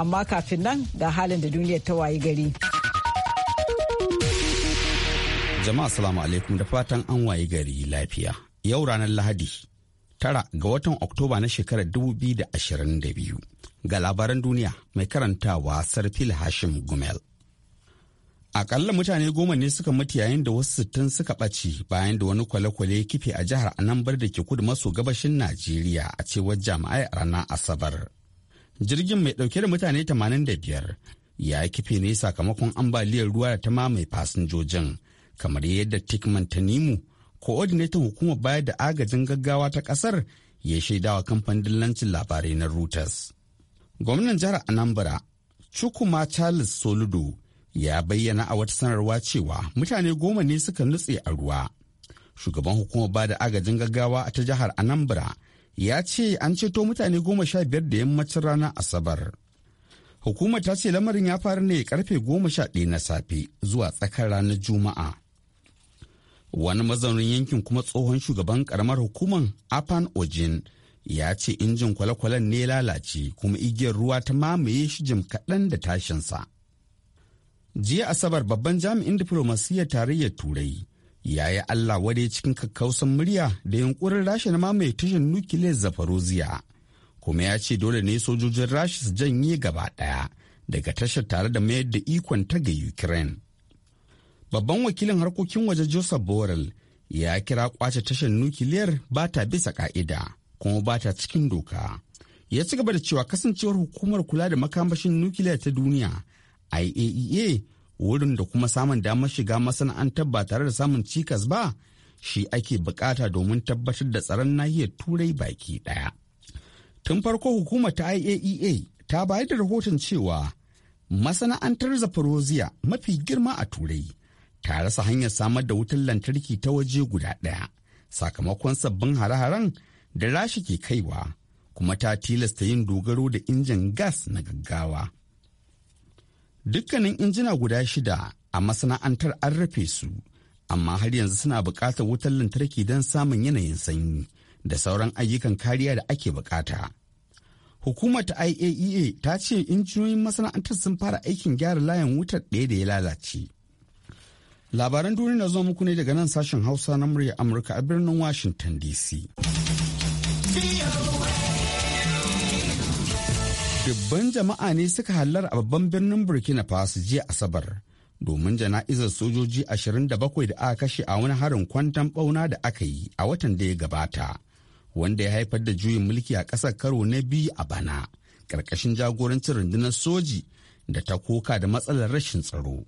amma kafin nan ga halin da duniyar ta wayi gari. Jama'a salamu alaikum da fatan an wayi gari lafiya. Yau ranar Lahadi, tara ga watan Oktoba na shekarar da ashirin biyu. Ga labaran duniya mai karantawa Sarfil Hashim Gumel. Akalla mutane goma ne suka mutu yayin da wasu sittin suka ɓace bayan da wani kwale-kwale kife a jihar Anambar da ke kudu maso gabashin Najeriya a cewar jami'ai a ranar Asabar. jirgin mai dauke da mutane 85 ya kife ne sakamakon ambaliyar ruwa da ta mamaye fasinjojin kamar yadda tikman tanimu coordinator hukumar bayar da agajin gaggawa ta kasar ya shaidawa kamfanin dillancin labarai na reuters gwamnan jihar anambra chukuma charles soludo ya bayyana a wata sanarwa cewa mutane goma ne suka nutse a ruwa shugaban hukumar bada agajin gaggawa ta jihar anambra ya ce an ceto mutane goma sha biyar da yammacin ranar asabar hukumar ta ce lamarin ya faru ne karfe goma sha ɗaya na safe zuwa tsakar ranar juma'a wani mazaunin yankin kuma tsohon shugaban karamar hukumar afan ojin ya ce injin kwale-kwalen ne lalace kuma igiyar ruwa ta mamaye shi jim kaɗan da tashinsa jiya asabar babban jami'in diflomasiyyar tarayyar turai yayi Allah wadai cikin kakkausan murya da yunkurin rasha na mamaye tashar nukiliyar zafaroziya kuma ya ce dole ne sojojin rasha su janye gaba ɗaya daga tashar tare da mayar da ikon ta ga ukraine babban wakilin harkokin waje joseph borrell ya kira kwace tashar nukiliyar ba ta bisa ka'ida kuma ba ta cikin doka ya ci gaba da cewa kasancewar hukumar kula da makamashin nukiliya ta duniya iaea e wurin da kuma samun damar shiga masana'antar ba tare da samun cikas ba shi ake bukata domin tabbatar da tsaron nahiyar turai baki daya tun farko hukumar ta iaea e ta bayar da rahoton cewa masana'antar zaporozia mafi girma a turai ta rasa hanyar samar da wutar lantarki ta waje guda ɗaya sakamakon sabbin hare-haren da rashi ke kaiwa kuma ta tilasta yin dogaro da injin gas na gaggawa Dukkanin injina guda shida a masana'antar an rufe su, amma har yanzu suna buƙatar wutar lantarki don samun yanayin sanyi da sauran ayyukan kariya da ake buƙata. Hukumar ta IAEA e ta ce injiniyoyin masana'antar sun fara aikin gyara layin wutar ɗaya da ya lalace. Labaran duniya na zuwa muku ne daga nan sashen Hausa na murya Amurka a birnin Washington DC. Dubban jama'a ne suka hallar a babban birnin Burkina Faso jiya Asabar domin jana'izar sojoji 27 da aka kashe a wani harin kwantan bauna da aka yi a watan da ya gabata, wanda ya haifar da juyin mulki a ƙasar karo na biyu a bana, ƙarƙashin jagorancin rundunar soji da ta koka da matsalar rashin tsaro.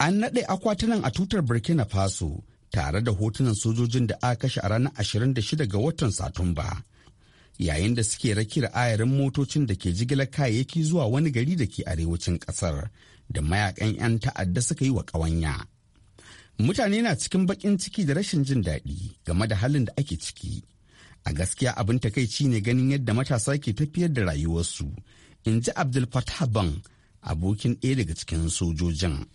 An naɗe akwatunan a tutar Burkina Faso tare da hotunan sojojin da aka kashe a ranar 26 ga watan Satumba. yayin da suke rakira ayarin motocin da ke jigilar kayayyaki zuwa wani gari da ke arewacin kasar da mayakan 'yan ta'adda suka yi wa ƙawanya. Mutane na cikin baƙin ciki da rashin jin daɗi game da halin da ake ciki. A gaskiya abin takaici ne ganin yadda matasa ke tafiyar da rayuwarsu, in ji Abdul Fattah Ban, abokin ɗaya daga cikin sojojin.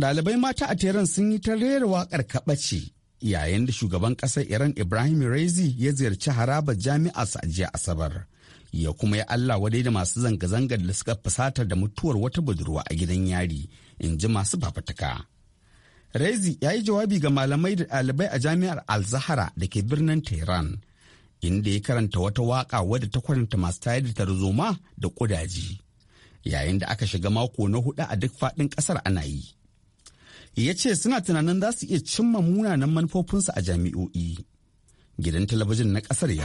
Ɗalibai mata a teran sun yi ta rera waƙar kaɓace yayin da shugaban ƙasar iran ibrahim rezi ya ziyarci haraba jami'arsa a jiya asabar ya kuma ya allah wadai da masu zanga-zangar da suka fusatar da mutuwar wata budurwa a gidan yari in ji masu fafutuka rezi ya yi jawabi ga malamai da ɗalibai a jami'ar al-zahara da ke birnin tehran inda ya karanta wata waƙa wadda ta kwaranta masu tayar da tarzoma da ƙudaji yayin da aka shiga mako na hudu a duk faɗin ƙasar ana yi ya ce suna tunanin za su iya cimma munanan manufofinsu a jami'o'i. Gidan talabijin na ƙasar ya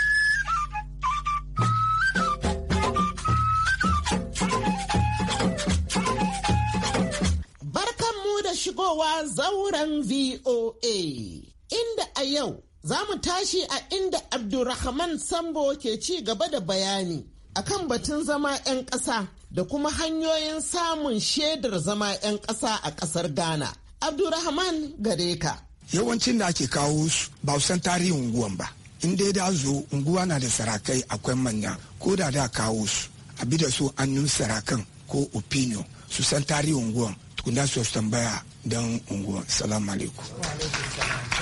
kowa zauren VOA. Inda a yau za mu tashi a inda Abdurrahman Sambo ke ci gaba da bayani akan batun zama 'yan ƙasa da kuma hanyoyin samun shaidar zama 'yan ƙasa a ƙasar Ghana. Abdurrahman gare ka. Yawancin da ake kawo su ba san tarihin unguwan ba. In dai da zo unguwa na da sarakai akwai manya ko da da kawo su. bi da su an sarakan ko opinion su san tarihin unguwan tukunda su tambaya don unguwa salamu alaikum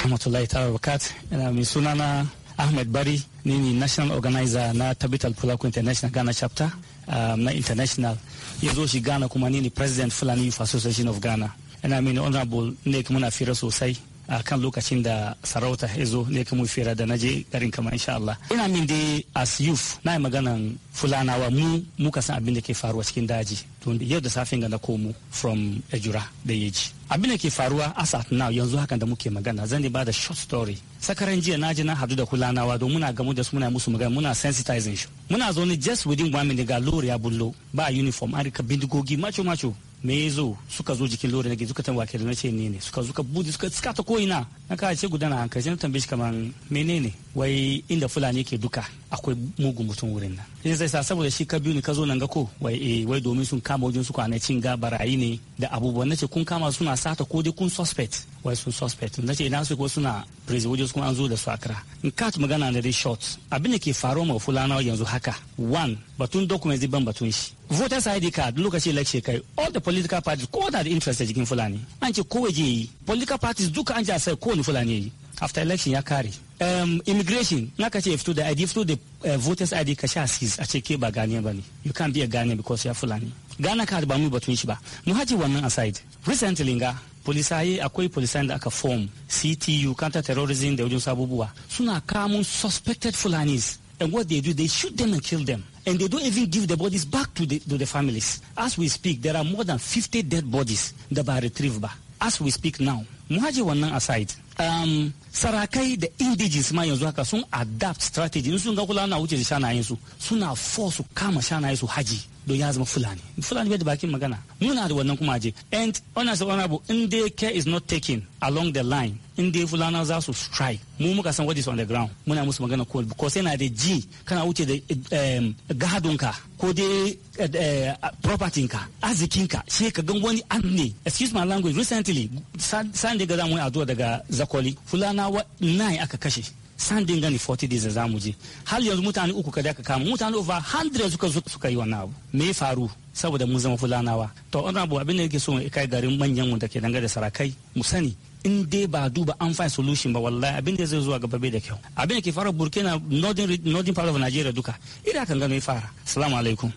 rahmatullahi ta'ala bukat yana mai suna na ahmed bari ni ne national organizer na tabital pulaku international ghana chapter um, na international ya zo shi ghana kuma ni ne president fulani youth association of ghana yana mai honorable ne muna fira sosai A kan lokacin da sarauta ya zo ne kamun fira da na naje garin kamar insha Allah ina min dai as youth na yi maganan fulanawa mu muka san abin da ke faruwa cikin daji to yau da safin ga na komo from ejura da yeji abin da ke faruwa as at now yanzu hakan da muke magana zan ba da short story sakaran jiya naji na hadu da kulanawa don muna gamu da su muna musu magana muna sensitizing shi muna zaune just within one minute ga lori ya bullo ba uniform an rika bindigogi macho macho me ya zo suka zo jikin lori nake suka tambake da nace ne ne suka zuka bude suka ta koina na ka ce gudana kai sai na tambaye shi kaman ne wai inda fulani ke duka akwai mugun mutum wurin nan sai sai sa saboda shi ka biyu ne ka zo nan ga ko wai eh wai domin sun kama wajen su kwana cin ga barayi ne da abubuwan nace kun kama suna sata ko dai kun suspect wai sun suspect nace ina su ko suna prezi wajen su an zo da su akra in ka magana na dai short abin da ke faruwa ma fulana yanzu haka one batun documents ban batun shi voter id card lokaci election kai all the political parties ko da da interest a jikin fulani an ce kowa je yi political parties duka an ji a sai kowane fulani yi after election ya kare um, immigration na ka ce fito da id fito da uh, voters id ka sha sis a ce ke ba ganiya ba ne you can't be a ganiya because you are fulani ghana ka ba mu batun shi ba mu haji wannan aside recently ga polisaye akwai polisayen da aka form ctu counter terrorism da wajen sabubuwa suna kamun suspected fulanis and what they do they shoot them and kill them and they don't even give the bodies back to the, to the families. As we speak, there are more than 50 dead bodies that are retrieve ba. As we speak now, Muhaji wannan aside. Um, sarakai the indigenous ma yanzu haka sun adapt strategy in sun ga kula na wuce da suna force su kama shanayen haji don ya zama fulani fulani bai da bakin magana muna da wannan kuma je and honest honorable in dai care is not taken along the line in dai fulana za su strike mu muka san what is on the ground muna musu magana ko because yana da ji kana wuce da ka ko dai eh, eh, property ka arzikin ka shi ka gan wani an ne excuse my language recently san da ga zamu addu'a daga zakoli fulana wa nine aka kashe san dinga ni 40 days za mu je har yanzu mutane uku ka ka kama mutane over 100 suka zo suka yi wannan abu me ya faru saboda mun zama fulanawa to wannan abu abin da yake so kai garin manyan mu da ke dangane da sarakai mu sani in dai ba duba an find solution ba wallahi abin da zai zuwa gaba bai da kyau abin da ke fara burkina northern, northern part of nigeria duka ina kan gano ya fara assalamu alaikum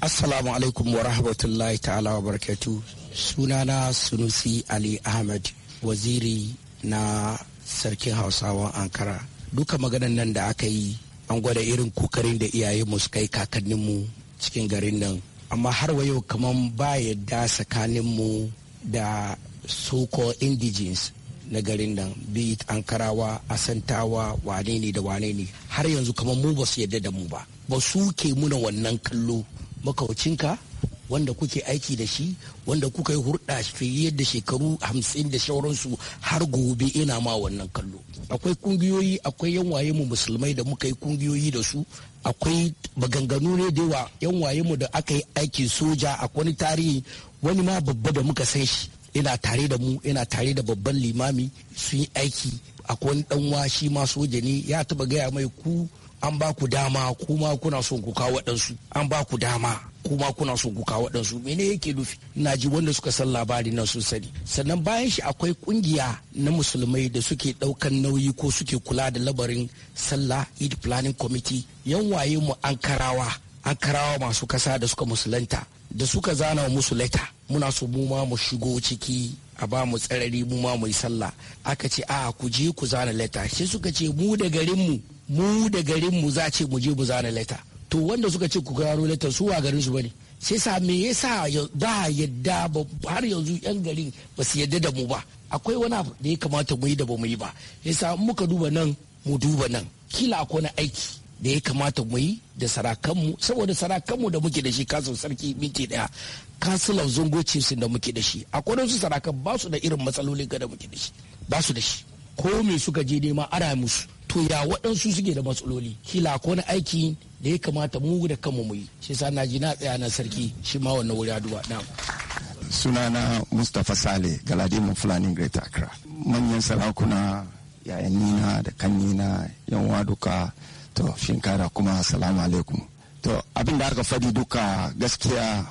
assalamu alaikum wa rahmatullahi ta'ala wa barakatuh sunana sunusi ali ahmad waziri na sarkin hausawan ankara duka maganan nan da aka yi an gwada irin kokarin da iyaye mu suka yi kakanninmu cikin garin nan amma har wa yau kamar ba yadda tsakaninmu da soko indigens na garin nan bi ankarawa asantawa wane ne da wane ne har yanzu kamar mu ba su yadda da mu ba ba su ke muna wannan kallo makaucinka wanda kuke aiki da shi wanda kuka yi hurɗa fiye da shekaru hamsin da shauransu har gobe ina ma wannan kallo akwai kungiyoyi akwai yan waye mu musulmai da muka yi kungiyoyi da su akwai maganganu ne da yawa yan waye mu da aka yi aikin soja akwai wani tarihi wani ma babba da muka san shi ina tare da mu ina tare da babban limami sun yi aiki akwai wani danwa shi ma soja ne ya taba gaya mai ku an ba ku dama kuma kuna son ku kawo waɗansu an ba ku dama kuma kuna so ku kawo waɗansu mene yake nufi na ji wanda suka san labari na sun sani sannan bayan shi akwai kungiya na musulmai da suke ɗaukan nauyi ko suke kula da labarin sallah eid planning committee yan waye mu ankarawa ankarawa masu kasa da suka musulanta da suka zana musu leta muna so mu ma mu shigo ciki a ba mu tsarari mu ma mu yi sallah aka ce a ku je ku zana leta sai suka ce mu da garinmu mu da garinmu za ce mu je mu zana leta to wanda suka ce ku gano letter su wa garin su bane sai sa me yasa ba yadda har yanzu yan garin ba su yadda da mu ba akwai wani abu da ya kamata mu yi da ba mu yi ba yasa muka duba nan mu duba nan kila akwai wani aiki da ya kamata mu yi da sarakanmu saboda sarakanmu da muke da shi kasu sarki minti daya kasulan zongo chiefs da muke da shi akwai wasu sarakan ba su da irin matsalolin da muke da shi ba su da shi ko me suka je nema ara musu to ya waɗansu suke da matsaloli kila ko na aiki da ya kamata mu da kanmu mu yi shi sa na ji na tsaya na sarki shi ma wannan wuri aduwa na sunana mustapha sale galadima fulani greater accra manyan sarakuna yayannina da kannina yanwa duka to shinkara kuma salamu alaikum to abin da aka fadi duka gaskiya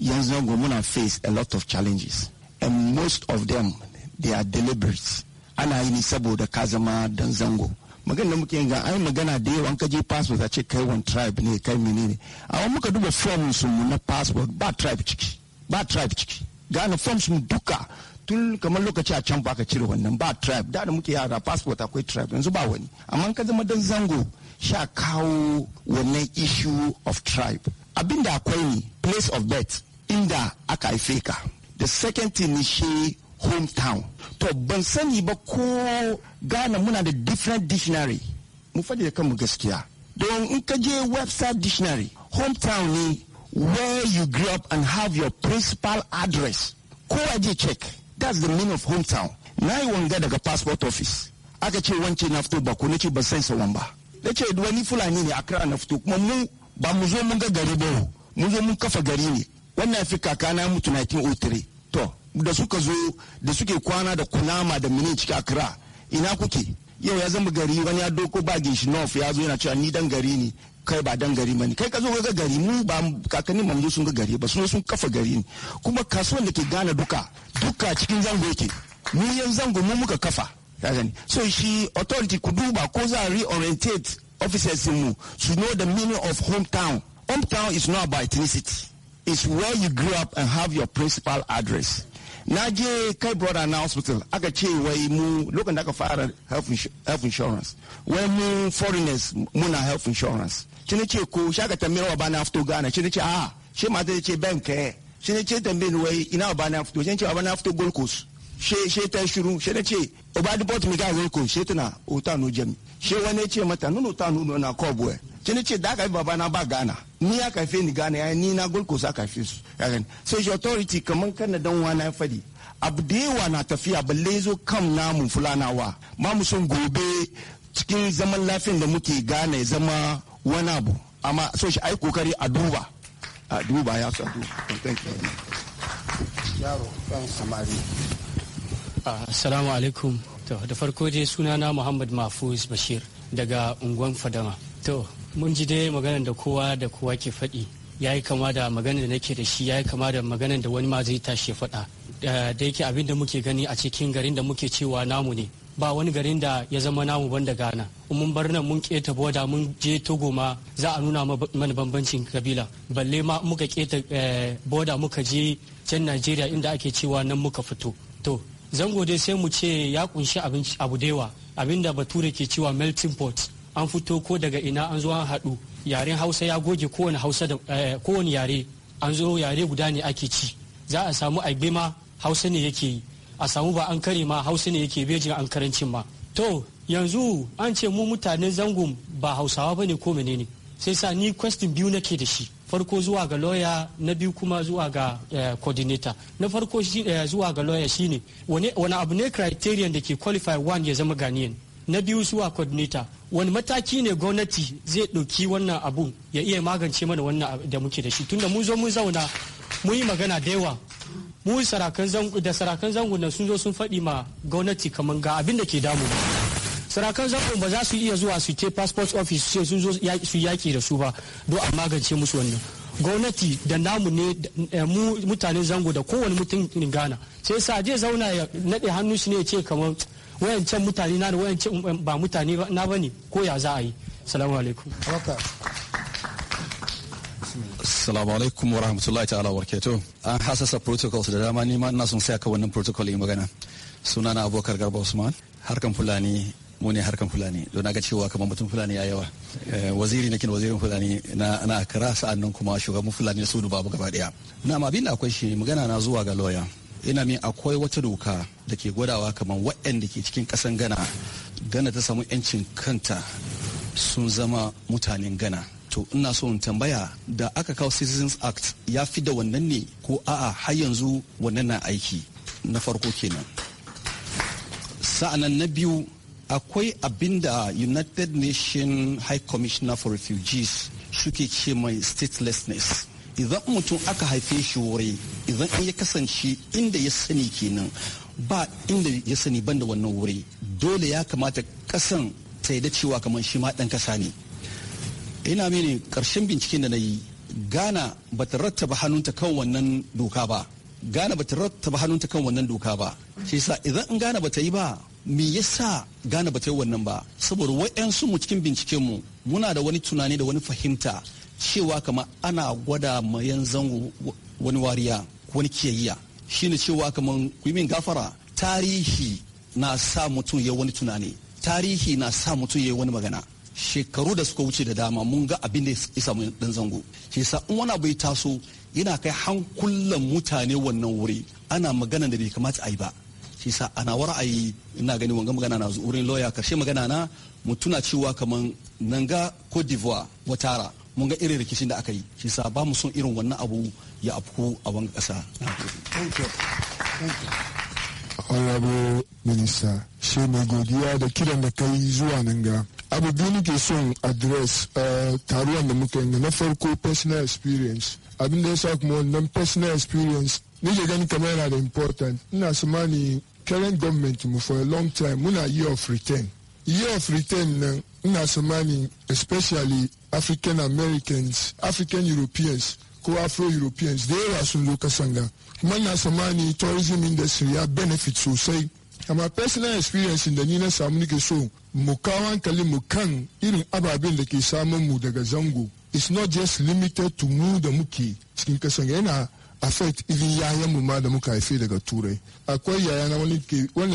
yanzu muna face a lot of challenges and most of them they are deliberate ana yi ni saboda ka zama dan zango magana muke yin ga ai magana da yawan ka je passport a ce kai one tribe ne kai menene amma muka duba form su na passport ba tribe ciki ba tribe ciki gane forms mu duka tun kamar lokaci a can baka cire wannan ba tribe da da muke yara passport akwai tribe yanzu ba wani amma ka zama dan zango sha kawo wannan issue of tribe abinda akwai ne place of birth inda aka haife ka the second thing shi. hometown to ban sani ba ko ghana muna da different dictionary mu faɗi da kanmu gaskiya don in ka je website dictionary hometown ne where you grew up and have your principal address ko je check that's the meaning of hometown na yi wanga daga passport office aka ce wance na fito ba ko na ce ban san sawan ba na ce wani fulani ne akra na fito kuma mu ba mu zo mun ga gari ba mu zo mun kafa gari ne wannan fi kakana mutu 1903 to da suka zo da suke kwana da kunama da mini ciki akira ina kuke yau ya zama gari wani ya doko ba gishi nof ya zo yana cewa ni dan gari ne kai ba dan gari bane kai ka zo ga gari mu ba kakanni mamu sun ga gari ba sun sun kafa gari ne kuma kasuwan da ke gane duka duka cikin zango yake mu yan zango mu muka kafa so shi authority ku duba ko za reorientate officers mu to know the meaning of hometown hometown is not about ethnicity it's where you grew up and have your principal address na je kai brother na hospital aka ce wai mu lokacin da aka fara health insurance wai mu foreigners muna health insurance shi ne ce ko shaka tambayar wa bana fito gana shi ne ce a shi zai ce ban ka eh. shi ne ce tambayar wai ina wa bana fito shi ne ce wa bana fito gold coast shi ta shiru shi ne ce oba deport mi ga gold coast shi tana ota oh, no jami she wani ce mata nunu ta nono na kobo ne ce da aka yi baba na ba gana ni ya kafe ni gana ya ni na gulko sa kafe su so shi authority kamar kan dan wana ya fadi abu da yawa na tafiya balle zo kam namu fulanawa ba mu son gobe cikin zaman lafiyan da muke gane ya zama wani abu amma so shi ai kokari a duba a duba ya sa duba yaro kan samari ah, assalamu alaikum To da farko dai sunana Muhammad Mahfuz Bashir daga unguwan Fadama. To mun ji dai maganar da kowa da kowa ke faɗi ya yi kama da maganar da nake da shi ya yi kama da maganar da wani ma zai tashi faɗa. Da yake abin da muke gani a cikin garin da muke cewa namu ne. ba wani garin da ya zama namu banda gana mun bar nan mun keta boda mun je Togo ma za a nuna mana bambancin kabila. Balle ma muka keta eh, boda muka je can Najeriya inda ake cewa nan muka fito. To zango dai sai mu ce ya kunshi abu da yawa abinda bature ke cewa melting pot an fito ko daga ina an zo an haɗu yaren hausa ya goge kowane hausa eh, yare an zo yare guda ne ake ci za a samu aibe ma hausa ne yake yi a samu ba an kare ma hausa ne yake bejin an karancin ma to yanzu an ce mu mutanen zangon ba hausawa ba ne ko menene sai sa ni question biyu nake da shi farko zuwa ga lawyer na biyu kuma zuwa ga eh, coordinator na farko eh, zuwa ga lawyer shine wani abu ne criterion da ke qualify one ya zama ganiyan na biyu zuwa coordinator wani mataki ne gwamnati zai ɗauki wannan abu ya iya magance mana wannan da muke da shi tunda mun zo mun zauna mun yi magana da yawa mu sarakan zango da sarakan zango sun zo sun faɗi ma gwamnati kamar ga abin da ke damu sarakan zango ba za su iya zuwa su ce passport office sai su zo su yaki da su ba do a magance musu wannan gwamnati da namu ne eh, mu mutanen zango da kowane mutum gana sai sa je zauna ya naɗe hannu shi ne ce kamar wayancan mutane na da wayancan eh, ba mutane na bane ko ya za a yi salamu alaikum Assalamu alaikum wa rahmatullahi ta'ala wa An hasasa protocols da dama nima ina son sai aka wannan protocol yi magana. Sunana abokar Garba Usman, harkan Fulani mu ne harkan fulani don na ga cewa kamar mutum fulani ya yawa eh, waziri nake wazirin fulani na na kira sa'annan kuma shugaban fulani su babu gaba daya na ma abin akwai shi magana na zuwa ga lawyer ina min akwai wata doka da ke gwadawa kamar waɗanda ke cikin ƙasan gana gana ta samu 'yancin kanta sun zama mutanen gana to ina so in tambaya da aka kawo citizens act ya fi da wannan ne ko a'a har yanzu wannan na aiki na farko kenan sa'anan na biyu akwai abinda united Nation high commissioner for refugees suke ce mai statelessness idan mutum aka haife shi wuri idan in ya kasance inda ya sani kenan ba inda ya sani banda wannan wuri dole ya kamata kasan ta da cewa kamar shi ma dan kasa ne ina mini karshen binciken da na yi ghana ba ta rattaba hannunta kan wannan doka ba ghana ba ta rattaba hannunta kan wannan doka ba shi sa idan in ghana ba ta yi ba me yasa gane bata yi wannan ba saboda wa'yansu mu cikin binciken mu muna da wani tunani da wani fahimta cewa kama ana gwada ma yan zango wani wariya wani kiyayya shine cewa kaman kumin gafara tarihi na sa mutum ya wani tunani tarihi na sa mutum ya wani magana shekaru da suka wuce da dama mun ga abin da ya samu dan zango shi yasa in wani abu ya taso yana kai hankulan mutane wannan wuri ana magana da bai kamata a yi ba shi sa ana yi ina gani wanga magana na wurin lawyer karshe magana na mu tuna cewa kaman nan ga Cote d'Ivoire watara mun ga irin rikicin da aka yi shi sa ba mu son irin wannan abu ya afku a wani ƙasa. Honorable Minister, shi mai godiya da kiran da kai zuwa nan ga. Abu biyu nake son address eh, taruwan da muka yi na farko personal experience. Abin da ya sa kuma wannan personal experience ni gani kamar yana da important. Ina samani current government for a long time a year of return year of return na nna somani especially african americans african europeans co afro-europeans They are sun zo kasanga kuma na somani tourism industry benefits ya say. sosai my personal experience in the Nina samu nike so mu kawo hankali mu kan irin zango it's not just limited to mu muki. affect iri yayan mu ma da muka haife daga turai akwai yaya na wani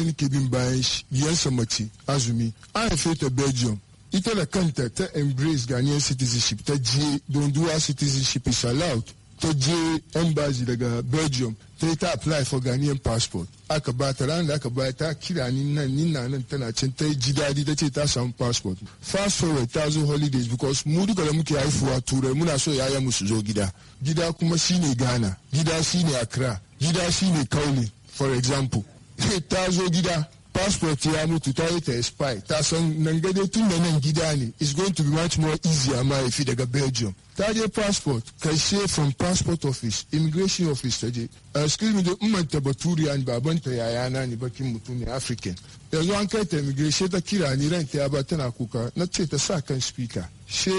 nake bin bayan shi mace azumi an haife ta belgium ita da kanta ta embrace ghanaian citizenship ta je don dual citizenship is allowed ta je embassy daga belgium ta yi ta apply for ghanaian passport aka ba ta ranar da aka ba ta kira ni nan ni na nan tana can ta ji jidadi ta ce ta samu passport fast forward ta zo holidays because mu duka da muke haifuwa turai muna so yaya musu zo gida gida kuma shine ghana gida shine accra gida shine kauli for example ta zo gida passport ya mutu ta yi ta expire ta san nan gade tun da nan gida ne is going to be much more easy amma ya daga belgium ta je passport karshe from passport office immigration office ta je ah, excuse me da umanta baturiya yaya na ne bakin mutum ne african yanzu an kai ta immigration ta kira ni ranta ya ba tana kuka na ce ta sa kan speaker she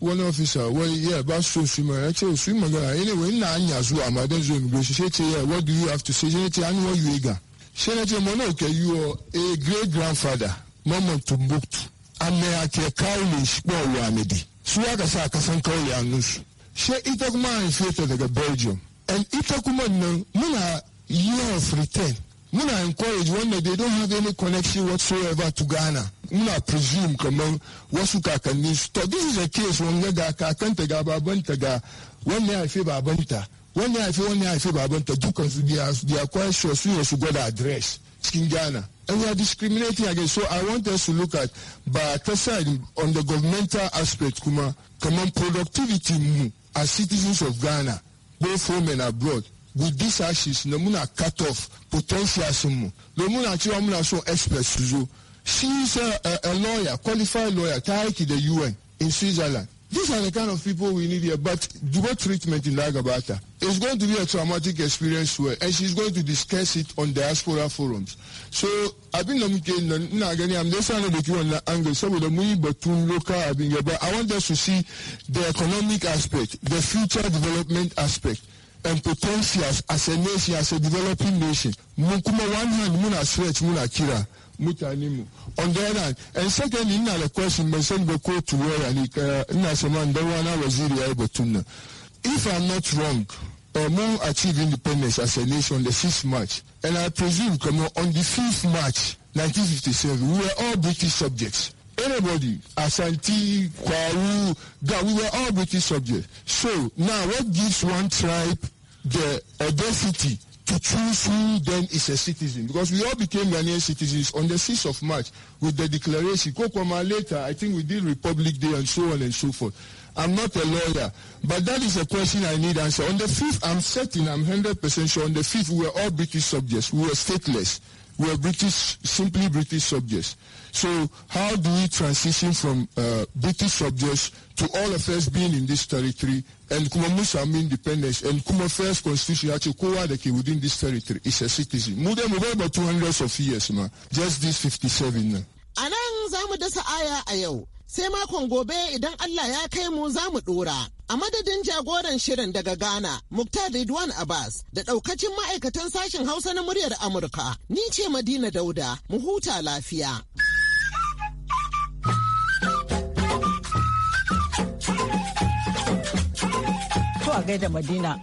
wani officer wai ya ba su so su magana ce su magana anyway ina hanya zuwa ma don zo immigration she ce ya what do you have to say she ce an wa yuega sai na ce mana ke yi a great grandfather mamman tumbuktu amma ya ke kawo ne shi ɓowa ne di su aka sa kasan kauye itakuma sai ita kuma haife ta daga belgium and itakuma kuma nan na year of return na encourage wanda they don't have any connection whatsoever to ghana na presume kamar wasu kakanni to this is a case wanga ga kakanta ga babanta ga wannan ya haife babanta wani ya haifi I want to do because they are quite sure su ne go to address in ghana and we are discriminating against so i want us to look at but ta on the governmental aspect kuma on productivity mu as citizens of ghana both home and abroad with these ashes na muna cut off potential. No na muna cewa muna so experts so expert. she is a, a, a lawyer qualified lawyer tied to the un in switzerland these are the kind of people we need here. But Dubo treatment in Lagabata is going to be a traumatic experience for her, and she's going to discuss it on diaspora forums. So I've been nominated. Now and I'm just trying to on the angle. So with the money, but local, I've been But I want us to see the economic aspect, the future development aspect. And potentials as a nation, as a developing nation. Mukuma one hand, muna stretch, muna kira mutane on the other hand and secondly ina da question ban san ba ko tuwaya ne ina sama dan wana waziri ya yi batun nan if i'm not wrong Omo uh, achieved independence as a nation the 6th March, and I presume, come on, on the 5th March 1957, we were all British subjects. Anybody, Asante, Kwawu, God, we were all British subjects. So now, what gives one tribe the audacity to choose who then is a citizen. Because we all became Ghanaian citizens on the 6th of March with the declaration. Kokoma later, I think we did Republic Day and so on and so forth. I'm not a lawyer, but that is a question I need answer. On the 5th, I'm certain, I'm 100% sure, on the 5th, we were all British subjects. We were stateless. We were British, simply British subjects. So, how do we transition from uh, British subjects to all of us being in this territory and kuma Musa mean independence and kuma first constitution ya ce kowa da ke within this territory is a citizen. Mu dai mu bai ba 200 of years ma, just this 57 na. A nan za mu dasa aya a yau. sai makon gobe idan Allah ya kai mu za mu dora. A madadin jagoran shirin daga Ghana, Muktar Ridwan Abbas da ɗaukacin ma'aikatan sashen Hausa na muryar Amurka, ni ce Madina Dauda, mu huta lafiya. ko a gaida Madina.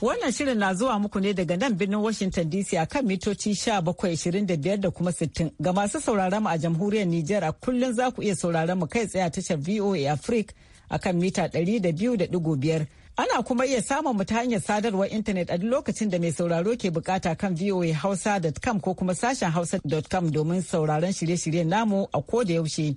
Wannan shirin na zuwa muku ne daga nan birnin Washington DC a kan mitoci 1725 da biyar da kuma sittin Ga masu sauraron mu a jamhuriyar Nijar a kullum za ku iya sauraron mu kai tsaye a tashar VOA Africa a kan mita biyar Ana kuma iya samun mu ta hanyar sadarwar intanet a duk lokacin da mai sauraro ke bukata kan voahausa.com ko kuma sashen hausa.com domin sauraron shirye-shiryen namu a ko da yaushe.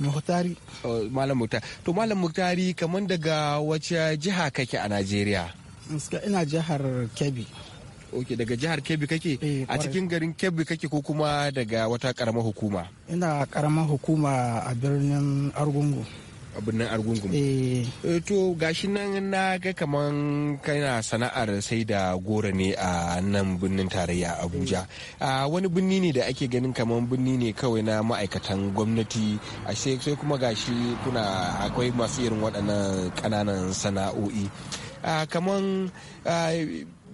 muhtari oh, malam muhtari to malam muhtari kamar daga wace jiha kake a najeriya ina jihar kebbi ok daga jihar kebbi kake eh, a cikin garin kebbi kake ko kuma daga wata karamar hukuma ina karamar hukuma a birnin argungu nan argungun eh. Eh, to gashi nan na ga kaman kana sana'ar sai da gora ne a nan birnin tarayya abuja mm. a ah, wani birni ne da ake ganin kaman birni ne kawai na ma'aikatan gwamnati a ah, sai kuma gashi kuna akwai masu irin waɗannan ƙananan sana'o'i a ah, kaman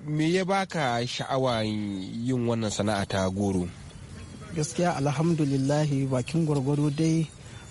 me ya baka sha'awa yin wannan sana'a ta goro gaskiya alhamdulillahi bakin gwargwado dai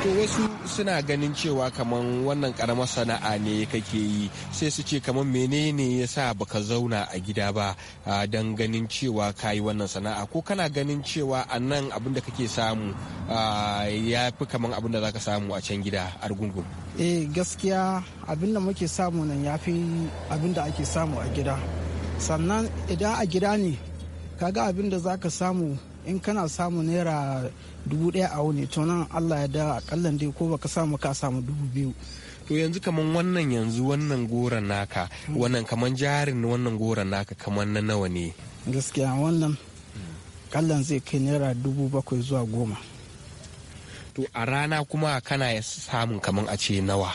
to wasu suna ganin cewa kamar wannan karamar sana'a ne kake yi sai su ce kamar menene ya sa baka zauna a gida ba don ganin cewa ka yi wannan sana'a ko kana ganin cewa a nan abin da kake samu ya fi kamar abin za ka samu a can gida a rugungun eh gaskiya abin da muke samu nan ya fi abin ake samu a gida sannan idan a gida ne kaga abin da za ka samu in kana samu naira dubu ɗaya a wuni to nan allah ya da akallan dai ko baka samu ka samu dubu biyu to yanzu kaman wannan yanzu wannan goron naka hmm. wannan kaman jarin wannan goron naka kaman na nawa ne gaskiya wannan kallon zai kai naira dubu bakwai zuwa goma to a rana kuma kana ya samun kaman a ce nawa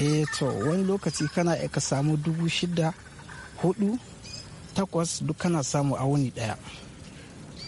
eh to wani lokaci kana ya ka samu dubu shida hudu takwas duk kana samu a wuni daya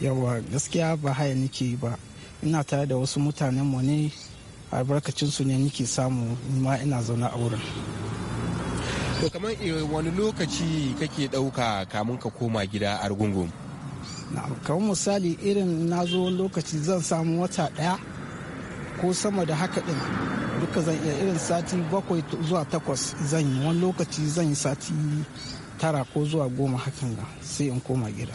yawa gaskiya ba haya nake ba ina tare da wasu mutanen mu ne albarkacin su ne nake samu ma ina zaune a wurin to kamar eh, wani lokaci kake ɗauka kamun ka koma gida a rugungun kamar misali irin na zo lokaci zan samu wata ɗaya ko sama da haka ɗin duka zan iya irin sati bakwai zuwa takwas zan yi wani lokaci zan yi sati tara ko zuwa goma hakan sai in koma gida